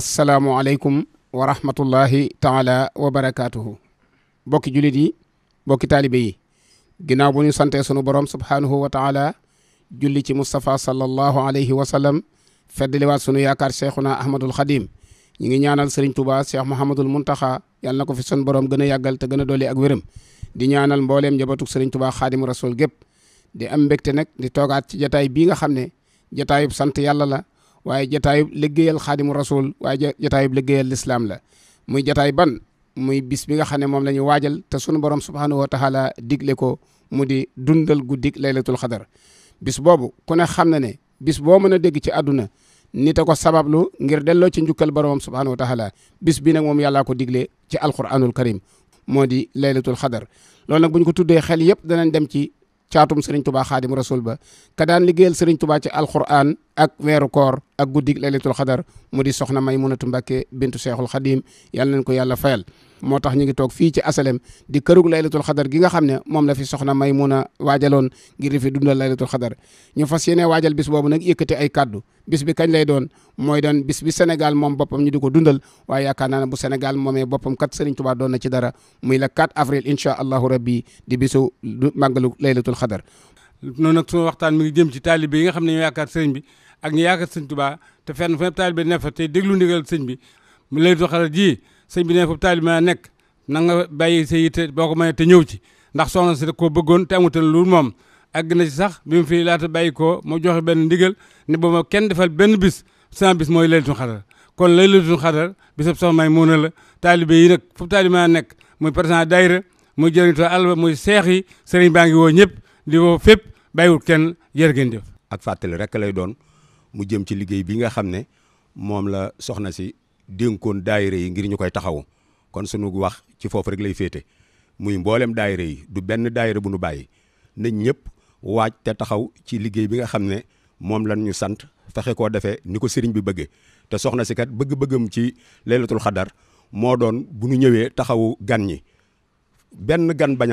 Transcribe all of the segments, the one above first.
asalaamualeykum wa rahmatullahi taala wa bokki jullit yi bokki taalibe yi ginnaaw bu ñu sante sunu borom subhaanahu wa taala julli ci Moustapha sallallahu alayhi wa sallam feddliwaat sunu yaakaar cheikhuna ahmadul xadim ñi ngi ñaanal sëriñ Touba cheikh Mouhamadul Muntaxa yàlla na ko fi sun borom gën a yàggal te gën a dolli ak wéram di ñaanal mbooleem njabatuk sëriñ Touba xaadimu rasul gépp di am mbégte nag di toogaat ci jataay bii nga xam ne jataayub sant yàlla la waaye jataayub liggéeyal xaadimu rasul waaye jataayub liggéeyal lislaam la muy jataay ban muy bis bi nga xam ne moom la ñu waajal te sunu borom subhanahu wa taala digle ko mu di dundal guddik laylatul xadar bis boobu ku ne xam na ne bis boo mën a dégg ci àdduna nit a ko sabablu ngir delloo ci njukkal boromam subhanahu wa taala bis bi nag moom yàllaa ko digle ci alquranul karim moo di laylatul xadar loolu nag bu ñu ko tuddee xel yëpp danañ dem ci caatum sëriñ tubaa xaadim rasul ba ka daan liggéeyal sëriñ tubaa ci ak weeru koor ak guddig laylatul xadar mu di soxna Maymunatu Mbàkke bintu Seexul Xadiim yàlla nañ ko yalla fayal moo tax ñu ngi toog fii ci asalem di kërug laylatul xadar gi nga xam ne moom la fi soxna Maymuna waajaloon ngir di fi dundal laylatul xadar ñu fas yéene waajal bis boobu nag yëkkati ay kàddu bis bi kañ lay doon mooy doon bis bi Sénégal moom boppam ñu di ko dundal waaye yaakaar naa ne bu Sénégal moomee boppam kat Sëriñ Tuubaa doon na ci dara muy la 4 avril incha allahu rabbi di noonu nag waxtaan mi ngi jëm ci taalibe yi nga xam ne ñoo yaakaar sëñ bi ak ñu yaakaar sëñ Tuubaa te fenn fu ne taalibe ne fa te déglu ndigal sëñ bi mu lay doxal ji sëñ bi ne foofu taalibe ma nekk na nga bàyyi sa yitte boo ko mënee te ñëw ci ndax soxna si da koo bëggoon te amutal moom àgg na ci sax mu fi laata bàyyi koo mu joxe benn ndigal ne ba ma kenn defal benn bis sans bis mooy laylatul xadar kon laylatul xadar bisab soxna May Muuna la taalibe yi nag foofu taalibe ma nekk muy président daayira muy jëriñu alba muy seex yi sëriñ baa ngi woo ñëpp li woo fépp bàyyiwul kenn jërë ngeen jëf ak fàttali rek lay doon mu jëm ci liggéey bi nga xam ne moom la soxna si dénkoon daayira yi ngir ñu koy taxawu kon sunu wax ci foofu rek lay féete muy mboolem daayira yi du benn daayira bu nu bàyyi nañ ñëpp waaj te taxaw ci liggéey bi nga xam ne moom lan ñu sant fexe ko defe ni ko sëriñ bi bëgge te soxna si kat bëgg-bëggam ci laylatul xadar moo doon bu ñu ñëwee taxawu gan ñi benn gan bañ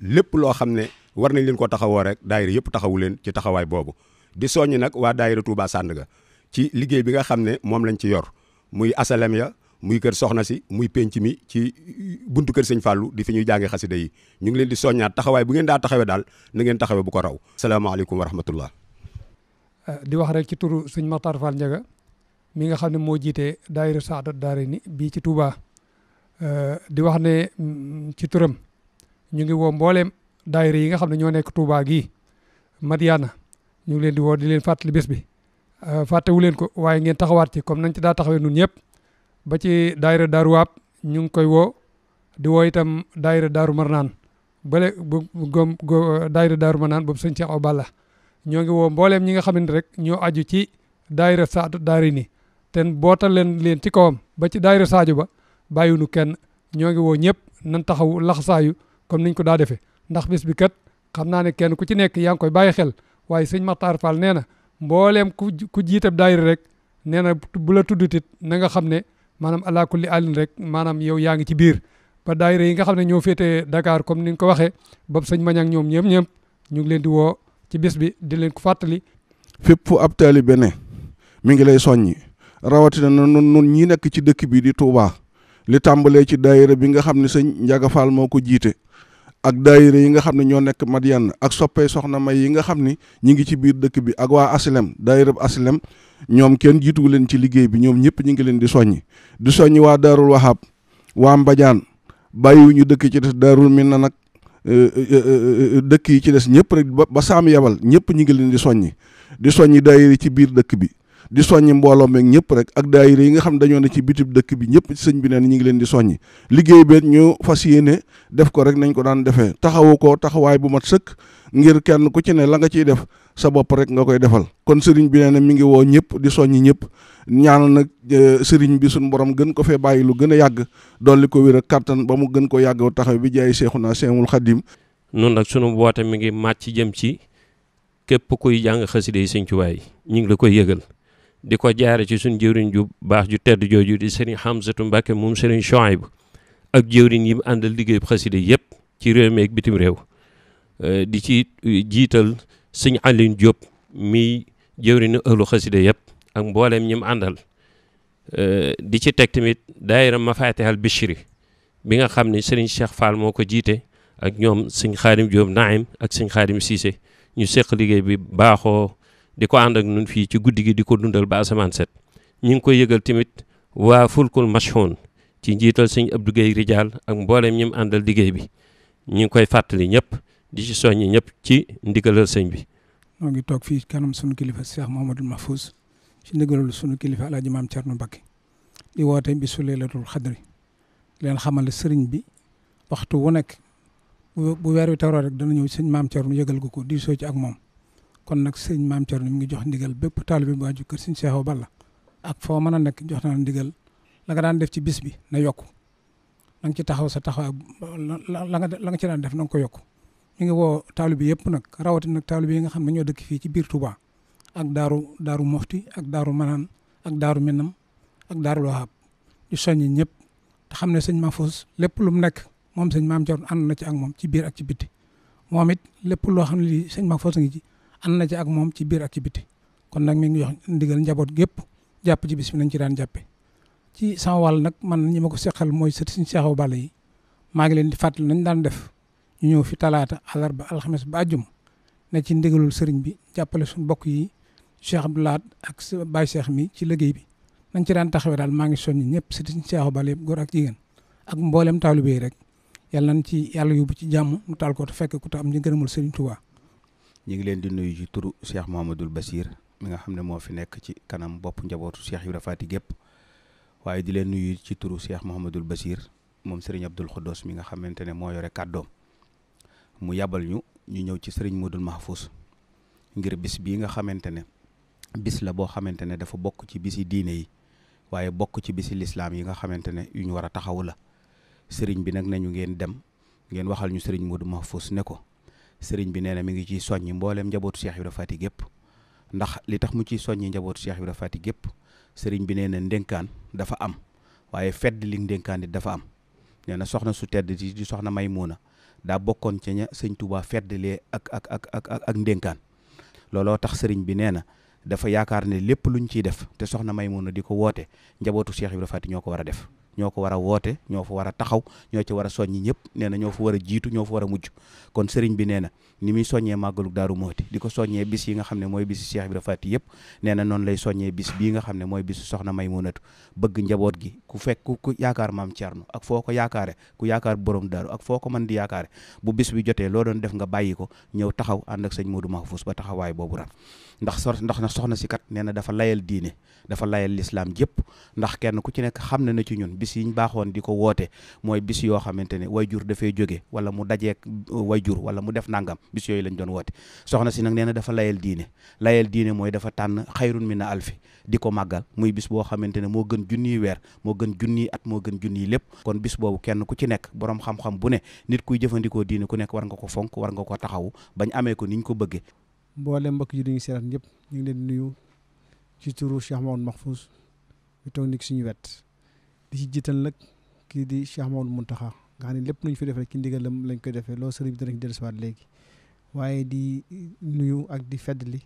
lépp loo xam ne war nañ leen koo taxawoo rek daayira yëpp taxawu leen ci taxawaay boobu di soññi nag waa daayira Touba Sandaga ci liggéey bi nga xam ne moom lañ ci yor muy asalem muy kër soxna si muy penc mi ci buntu kër sëñ Fallou di fi ñuy jànge xasida yi ñu ngi leen di soññaat taxawaay bu ngeen daa daal na ngeen taxawee bu ko raw salaamaaleykum wa rahmatullah eh, di wax rek ci turu sëñ Matar mi nga xam ne moo jiitee daayira Saadat Daarayni bii ci Touba eh, di wax ne mm, ci turam ñu ngi woo mbooleem daayira yi nga xam ne ñoo nekk Touba gii Madiana ñu ngi leen di woo di leen fàttali bés bi euh, fàttewu leen ko waaye ngeen taxawaat ci comme nañ ci daa taxawee nun ñëpp ba ci daayira Daaru ñu ngi koy woo di woo itam daayira Daaru Marnaan bale bu gom daayira Daaru Marnaan boobu sëñ Cheikh Balla ñoo ngi woo mbooleem ñi nga xamante rek ñoo aju ci daayira Saadu Daarayni ten bootal leen leen ci kawam ba ci daayira Sadio ba bàyyiwunu kenn ñoo ngi woo ñëpp nan taxaw laxasaayu comme niñ ko daa defee ndax bis bi kat xam naa ne kenn ku ci nekk yaa ngi koy bàyyi xel waaye sëñ Makhtar Fall nee na mbooleem ku ku jiitab daayira rek nee na bu la tuddutit na nga xam ne maanaam ala kulli alin rek maanaam yow yaa ngi ci biir ba daayira yi nga xam ne ñoo féetee Dakar comme ni nga ko waxee ba sëñ Mañang ñoom ñëpp ñëpp ñu ngi leen di woo ci bis bi di leen ko fàttali. fépp fu ab bene ne mi ngi lay soññi rawatina nun nun ñi nekk ci dëkk bi di Touba li tàmbalee ci daayira bi nga xam ne sëñ Ndiaga Fall moo ko jiite. ak daayira yi nga xam ne ñoo nekk Madiane ak soppee soxna may yi nga xam ni ñi ngi ci biir dëkk bi ak waa asilem daayira asilem ñoom kenn jiitugu leen ci liggéey bi ñoom ñëpp ñi ngi leen di soññi di soññi waa daarul wahab waa mbajaan bàyyiwuñu dëkk ci des daarul mi na nag eh, eh, eh, dëkk yi ci des ñëpp rek ba saam ñëpp ñi ngi leen di soññi di soññi daayira ci biir dëkk bi di soññi mbooloo meeg ñëpp rek ak daayira yi nga xam dañoo na ci bitib dëkk bi ñëpp sëñ bi neen ñu ngi leen di soññi liggéey bi ñu fas yéene def ko rek nañ ko daan defee taxawu ko taxawaay bu mat sëkk ngir kenn ku ci ne la nga ciy def sa bopp rek nga koy defal kon sëriñ bi nee na mi ngi woo ñëpp di soññi ñëpp ñaanal nag e, sëriñ bi suñu borom gën ko fee bàyyi lu gën a yàgg dolli ko wér ak kattan ba mu gën ko yàgg taxaw bi jaay Seexuna Seexul Xadim noonu nag sunu woote mi ngi màcc jëm ci képp kuy jàng xasida yi ñu ngi la koy yëgal di ko jaare ci suñ jëwriñ ju baax ju tedd jooju di sëriñ Hamzatu Mbàkke moom sëriñ Chouaib ak jëwriñ yi mu àndal liggéey xaside yëpp ci réew mi ak bitim réew euh, di ci euh, jiital sëñ Alioune Diop mi jëwriñu ëllu yëpp ak mbooleem ñi mu àndal euh, di ci teg tamit daayira Mafatihal Bichri bi nga xam ne sëriñ Cheikh Fall moo ko jiite ak ñoom sëñ Xaadim Diop Naim ak sëñ Xaadim Cissé ñu seq liggéey bi baaxoo di ko ànd ak ñun fii ci guddi gi di ko dundal ba asamaan set ñu ngi koy yëgal tamit waa fulkul mashhoon ci njiital sëñ ab Guèye Rijaal ak mbooleem ñi àndal liggéey bi ñu ngi koy fàttali ñëpp di ci soññi ñëpp ci ndigalal sëñ bi. ñoo ngi toog fii kanam sunu kilifa Cheikh ma Mahfouz ci ndigalul sunu kilifa El Hadj Maam nu Mbacké di woote bi su leelatul xadri leen xamal sëriñ bi waxtu wu nekk bu weer wi tawroo rek dana ñëw sëñ Maam Thierno yëgal ko ko diisoo ci ak moom. kon nag sëñ maam Thierno mi ngi jox ndigal bépp taalibe bu aju kër sëñ Seexu Balla ak foo mën a nekk jox na ndigal la nga daan def ci bis bi na yokku na ci taxaw sa taxaw la nga la nga ci def na ko yokku mi ngi woo taalibe yëpp nag rawatina nag taalibe yi nga xam ne ñoo dëkk fii ci biir Touba ak daaru daaru Mofti ak daaru Manaan ak daaru Minam ak daaru Wahab di soññi ñëpp te xam ne sëñ Mahfouz lépp lu mu nekk moom sëñ maam Thierno ànd na ci ak moom ci biir ak ci bitti moom it lépp loo xam ne lii sëñ Mahfouz ngi ci ànd na ci ak moom ci biir ak ci biti kon nag mi ngi jox ndigal njaboot gépp jàpp ci bis bi nañ ci daan jàppe ci sama wal nag man ñi ma ko seqal mooy sët suñu seexaw bala yi maa ngi leen di fàttali nañ daan def ñu ñëw fi talaata àllarba alxames ba àjjum ne ci ndigalul sëriñ bi jàppale suñu bokk yi Cheikh laat ak Baye Cheikh mi ci liggéey bi nañ ci daan taxawee daal maa ngi soññ ñëpp sët suñu seexaw bàll yëpp ak jigéen ak mboolem taalibe yi rek yàlla nañ ci yàlla yóbbu ci jàmm mu taal ko te fekk ku te am ñu gërëmul sëriñ ñu ngi leen di nuyu ci turu Cheikh Mouhamadoul Bassir mi nga xam ne moo fi nekk ci kanam bopp njabootu Cheikh Ibra Faty gépp waaye di leen nuyu ci turu Cheikh Mouhamadoul Bassir moom Serigne Abdoul Khodos mi nga xamante ne moo yore kàddoom mu yabal ñu ñu ñëw ci Serigne Modou Mahfous ngir bis bii nga xamante ne bis la boo xamante ne dafa bokk ci bisi diine yi waaye bokk ci bisi lislaam yi nga xamante ne yu ñu war a taxawu la Serigne bi nag nañu ngeen dem ngeen waxal ñu Serigne Modou Mahfous ne ko. sëriñ bi nee na mi ngi ciy soññi mbooleem njabootu Cheikh Ibra Fati gépp ndax li tax mu ciy soññi njabootu Cheikh Ibra Fati gépp sëriñ bi nee na ndénkaan dafa am waaye fedd li ndénkaan dafa am nee na soxna su tedd di di soxna Maymuna daa bokkoon ca ña sëñ fedd lee ak ak ak ak ndénkaan looloo tax sëriñ bi nee na dafa yaakaar ne lépp luñ ciy def te soxna may Maymuna di ko woote njabootu Cheikh Ibra Fati ñoo ko war a def ñoo ko war a woote ñoo fa war a taxaw ñoo ci war a soññi ñëpp nee na ñoo fa war a jiitu ñoo fa war a mujj kon sëriñ bi nee na ni muy soññee màggalu daaru mooti di ko soññee bis yi nga xam ne mooy bisu Cheikh Ibra Faty yëpp nee na noonu lay soññee bis bii nga xam ne mooy bisu soxna Maymunatu bëgg njaboot gi ku fekk ku yaakaar maam Thierno ak foo ko yaakaare ku yaakaar borom daaru ak foo ko mën di yaakaare bu bis bi jotee loo doon def nga bàyyi ko ñëw taxaw ànd ak sëñ Modou Mahfous ba taxawaay boobu ran ndax so ndax na soxna si kat nee na dafa layal diine dafa layal lislaam jëpp ndax kenn ku ci nekk xam ne na ci bis yi ñu baaxoon di ko woote mooy bis yoo xamante ne wayjur dafay jóge wala mu dajeek euh, wayjur wala mu def nangam bis yooyu lañ doon woote soxna si nag nee na dafa layal diine layal diine mooy dafa tànn xayrun mina alfi di ko màggal muy bis boo xamante ne moo gën junniy weer moo gën junniy at moo gën junniy lépp kon bis boobu kenn ku ci nekk boroom xam-xam bu ne nit kuy jëfandikoo diine ku nekk war nga ko fonk war nga ko taxawu bañ amee ko ni ñu ko bëggee mboole mbokk yi dañuy seetaan ñëpp ñu ngi leen nuyu ci turu Cheikh Maodo wet di ci jiital nag kii di Cheikh Mamadou taxa nga xam ne lépp lu ñu fi def rek ci ndigalam lañ koy defee loolu sëriñ bi danañ dellusiwaat léegi waaye di nuyu ak di feddali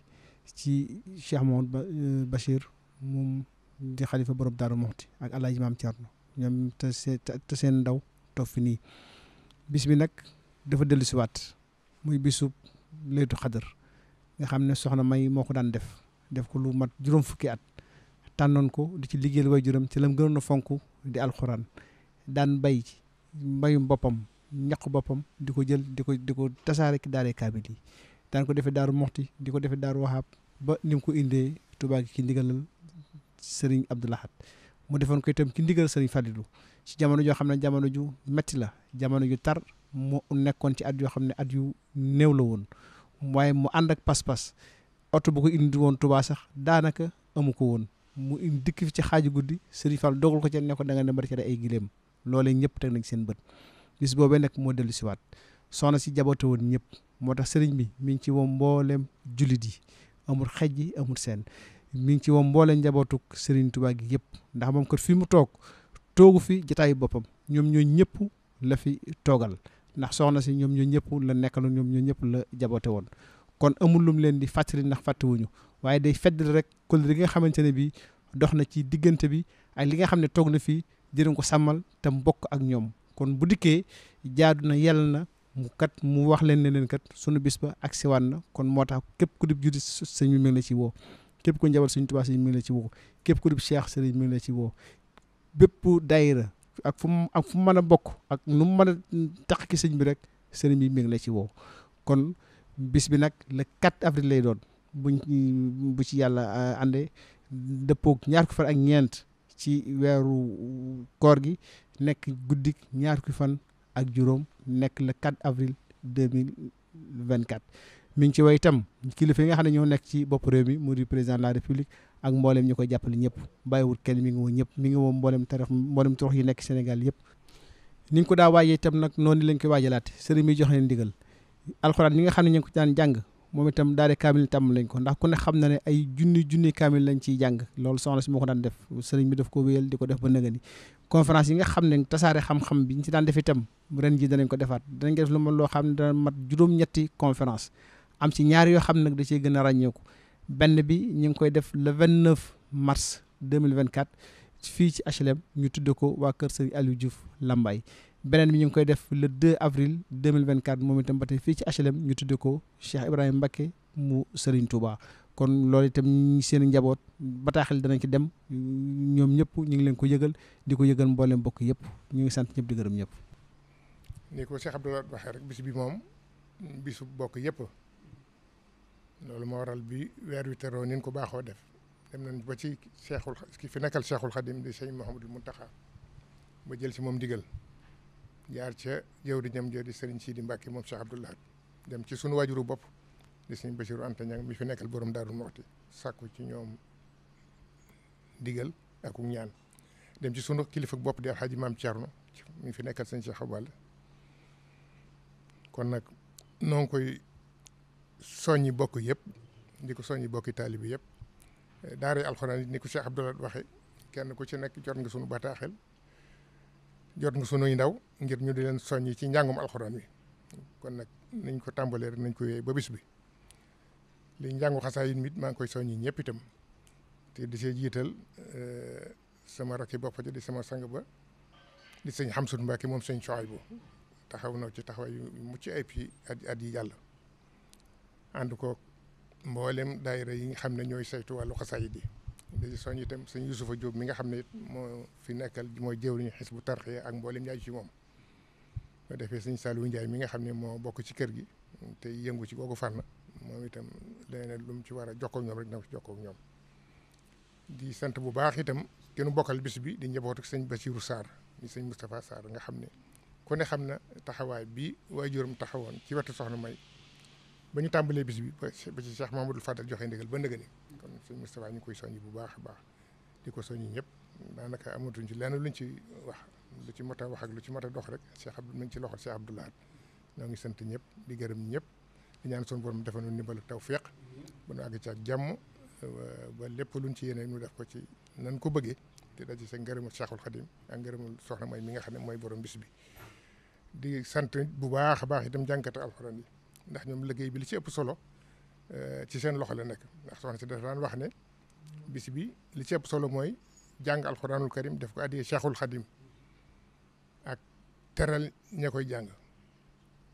ci Cheikh Mamadou euh, Bachir moom di xalifa borom Daaru Muxti ak Alaaji Maam Cerno ñoom te seen ndaw toog fi nii bis bi nag dafa dellusiwaat muy bisub Laytu Xadar nga xam ne soxna May moo ko daan def def ko lu mat juróom fukki at tànnoon ko di ci liggéeyal waajuram ci lam gënoon a fonk di alxuraan daan bay ci mbayum boppam ñaqu boppam di ko jël di ko di ko tasaare ki daaree kaamil yi daan ko defee daaru moxti di ko defee daaru waxaab ba ni mu ko indee Tuubaa ki ki ndigalal Sëriñ Abdou mu defoon ko itam ki ndigal Sëriñ Fàllilu ci jamono joo xam ne jamono ju metti la jamono ju tar mu nekkoon ci at yoo xam ne at yu néew la woon waaye mu ànd ak pas-pas oto bu ko indi woon tubaa sax daanaka amu ko woon mu dikk fi ci xaaju guddi Serigne Fall dogal ko ci ne ko da nga dem bari ci ay gileem loolee ñëpp teg nañ seen bët bis boobee nag moo dellu siwaat soxna si jaboote woon ñëpp moo tax sëriñ bi mi ngi ci woo mboolem jullit yi amul xej yi amul seen mi ngi ci woo mboolem njabootuk sëriñ Tuubaa gi yëpp ndax moom kat fi mu toog toogu fi jataayu boppam ñoom ñoo ñëpp la fi toogal ndax soxna si ñoom ñoo ñëpp la nekkaloon ñoom ñoo ñëpp la jaboote woon kon amul lum leen di fàttali ndax fàttewuñu waaye day feddal rek kóllëre gi nga xamante ne bii dox na ci diggante bi ak li nga xam ne toog na fii jërën ko sàmmal tam mbokk ak ñoom kon bu dikkee jaadu na yàlla na mu kat mu wax leen ne leen kat sunu bis ba ak siwaat na kon moo tax képp ku dib judi sëñ bi mi ngi ci woo képp ku njabal suñu Tuubaa sëñ mi ngi la ci woo képp ku dib Cheikh sëriñ mi ngi la ci woo bépp daayira ak fu mu ak fu mu mën a bokk ak nu mu mën a tax sëñ bi rek sëriñ bi mi la ci woo kon bis bi nag le 4 avril lay doon buñ bu ci yàlla ànde dëppoog ñaar ko fan ak ñeent ci weeru koor gi nekk guddik ñaar ko fan ak juróom nekk le 4 avril 2024 mi ngi ci way itam kilifa yi nga xam ne ñoo nekk ci bopp réew mi di président de la ak mboolem ñu koy jàppale ñëpp bàyyiwul kenn mi ngi woo ñëpp mi ngi woo mboolem taraf mboolem torox yi nekk Sénégal yëpp ni ñu ko daa waajee tam nag noonu lañ koy waajalaate sëriñ mi jox leen ndigal alxuraan ñi nga xam ne ñu ko daan jàng moom itam daare kaamil tàmm lañ ko ndax ku ne xam na ne ay junni junni kaamil lañ ciy jàng loolu soxna si moo ko daan def sëriñ bi daf ko wéyal di ko def ba nëga ni conférence yi nga xam ne tasaare xam-xam bi ñu ci daan def itam ren ji danañ ko defaat danañ ko def lu ma loo xam ne dana mat juróom-ñetti conférence am ci ñaar yoo xam ne nag da ciy gën a ràññeeku benn bi ñu ngi koy def le mille vingt 2024 fii ci HLM ñu tudde ko waa kër sëriñ Aliou Diouf Lambaye beneen bi ñu ngi koy def le 2 avril 2024 moom itam ba tey fii ci HLM ñu tuddee ko Cheikh Ibrahima Mbacké mu Serigne Touba kon loolu itam seen njaboot bataaxal danañ ci dem ñoom ñëpp ñu ngi leen ko yëgal di ko yëgal mboolem mbokk yëpp ñu ngi sant ñëpp di gërëm ñëpp. ni ko Cheikh Abdoulaye waxee rek bis bi moom bisu bokk yëpp loolu moo waral bi weer wi teroo ni ko baaxoo def dem nañ ba ci Cheikhul ki fi nekkal Cheikhul Khadim di sëñ Mouhamadul Mountakha jël si moom digal. jaar ca jëwriñam joo di sëriñ Sidi Mbacke moom Cheikh Abdoulaye dem ci sunu waajuru bopp di sëriñ Bachirou Anta Niang mi fi nekkal borom Daaru Muxti sàkku ci ñoom digal ak ñaan dem ci sunu kilifa bopp di Alxaaji Maam Thierno mi fi nekkal sëriñ Cheikh Abdoulaye kon nag non ngi koy soññi bokk yëpp di ko soññi bokki taalibi yëpp daara alxuraan ni ko Cheikh Abdoulaye waxe kenn ku ci nekk jot nga sunu bataaxel. jot nga sunuy ndaw ngir ñu di leen soññ ci njàngum alxuraan wi kon nag nañ ko tàmbalee rek nañ koy yooyu ba bis bi li njàngu xasaayit mit maa ngi koy soññi ñëpp itam te di see jiital eh, sama rakki bopp ja di sama sang ba di sëñ Xamsut Mbàkke moom sëñ Suwayb bu taxaw na ci taxawaay yu mucc ayib yi at yi jàll ànd ko mboolem daayira yi nga xam ne ñooy saytu wàllu xasaayit yi di soññ itam sëñ Yusufa Jóob mi nga xam ne moo fi nekkal mooy jëwriñu bu Tarqiyyah ak mboolem ñaaju ci moom nga defee sëñ Saliou Ndiaye mi nga xam ni moo bokk ci kër gi te yëngu ci googu fànn moom itam leneen lu mu ci war a jokkoo ñoom rek dina ci ñoom di sant bu baax itam kenn bokkal bis bi di njabootu sëñ Bassirou saar di sëñ Moustapha Sarr nga xam ni ku ne xam na taxawaay bi waajuram taxawoon ci wetu soxna May ba ñu tàmbalee bis bi ba ci Cheikh Mamadou Fadal joxe ndigal ba ndëgëni kon sëñ Moustapha ñu koy soññ bu baax a baax di ko soññ ñëpp daanaka amatuñ ci lenn luñ ci wax lu ci mot a wax ak lu ci mot a dox rek Cheikh Abdou mi ngi ci loxo Cheikh Abdou Lahad ñoo ngi sant ñëpp di gërëm ñëpp di ñaan suñu borom defal nu ndimbal tawfeex ba nu àgg ci ak jàmm ba lépp luñ ci yéene ñu def ko ci nan ko bëggee te daje sa ngërëmul Cheikhul Khadim ak ngërëmul soxna mooy mi nga xam ne mooy borom bis bi di sant bu baax a baax itam jànkate alxuraan yi ndax ñoom liggéey bi li ci ëpp solo eh, ci seen loxo la nekk ndax soxna si dafa daan wax ne bis bi li ci ëpp solo mooy jàng alxuraanul karim def ko addiyee cheikhul xadim ak teral ña koy jàng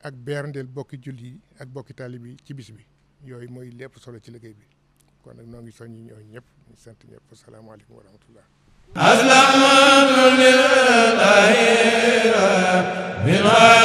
ak beerndeel bokki julli yi ak bokki taalib yi ci bis bi yooyu mooy lépp solo ci liggéey bi kon nag noo ngi soññi ñoo ñëpp ñu sant ñëpp asalaamaaleykum wa rahmatullah aslamatu lillahi rabbil